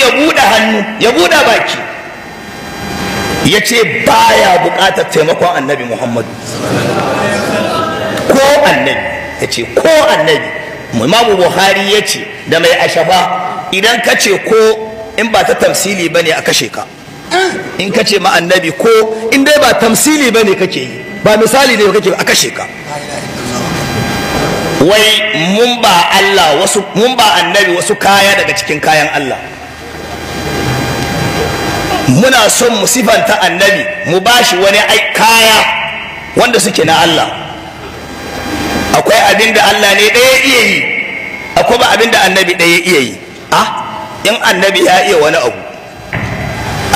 ya buɗe hannu ya buɗe baki ya ce baya buƙatar taimakon annabi muhammadu ko annabi ya ce ko annabi imamu buhari ya ce da mai ashaba idan ka ce ko in ba ta tamsili ba ne a kashe ka in ka ce ma annabi ko in dai ba tamsili ba ne kake yi ba misali ne kake a kashe ka wai mun ba Allah wasu mun ba annabi wasu kaya daga cikin kayan Allah muna son mu sifanta annabi mu bashi wani kaya wanda suke na Allah akwai abin da Allah ne ɗaya iya yi akwai ba abin da annabi ɗaya iya yi a ah, in annabi ya iya wani abu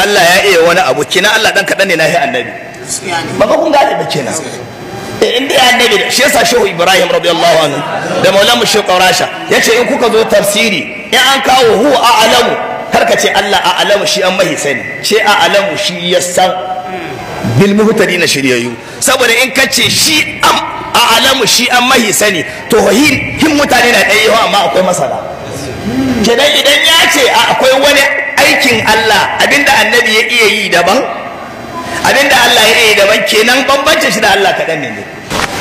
Allah ya iya wani abu kina Allah dan kaɗan ne na yi annabi ba kun gane ba kina eh, in ya annabi da shi yasa shehu ibrahim radiyallahu anhu da maulana shehu rasha yace in kuka zo tafsiri in an kawo hu a'lamu kar ka ce Allah a alamu shi an mahi sani ce a alamu shi ya san bil muhtadi na shiryayyu saboda in ka ce shi am a alamu shi an mahi sani to hin mutane na ɗaya yawa amma akwai masana kenan idan ya ce akwai wani aikin Allah abinda annabi ya iya yi daban abinda Allah ya iya yi daban kenan bambancin shi da Allah kaɗan ne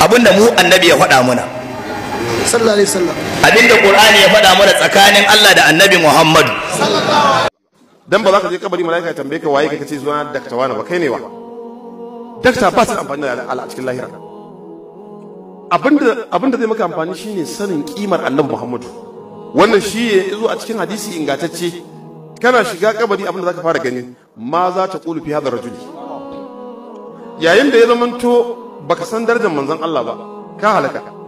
abinda mu annabi ya faɗa muna sallallahu alaihi abinda qur'ani ya faɗa mana tsakanin Allah da annabi muhammadu. dan ba za ka je kabari malaika ya tambaye ka waye ka ce zuwa dakta wani ba kai ne wa dakta ba su amfani da Allah a cikin lahira abinda abinda zai maka amfani shine sanin kimar annabi muhammadu. wannan shi ya zo a cikin hadisi ingantacce kana shiga kabari abinda zaka fara gani ma za ta kulu fi hadha rajuli yayin da ya zamanto baka san darajar manzon Allah ba ka halaka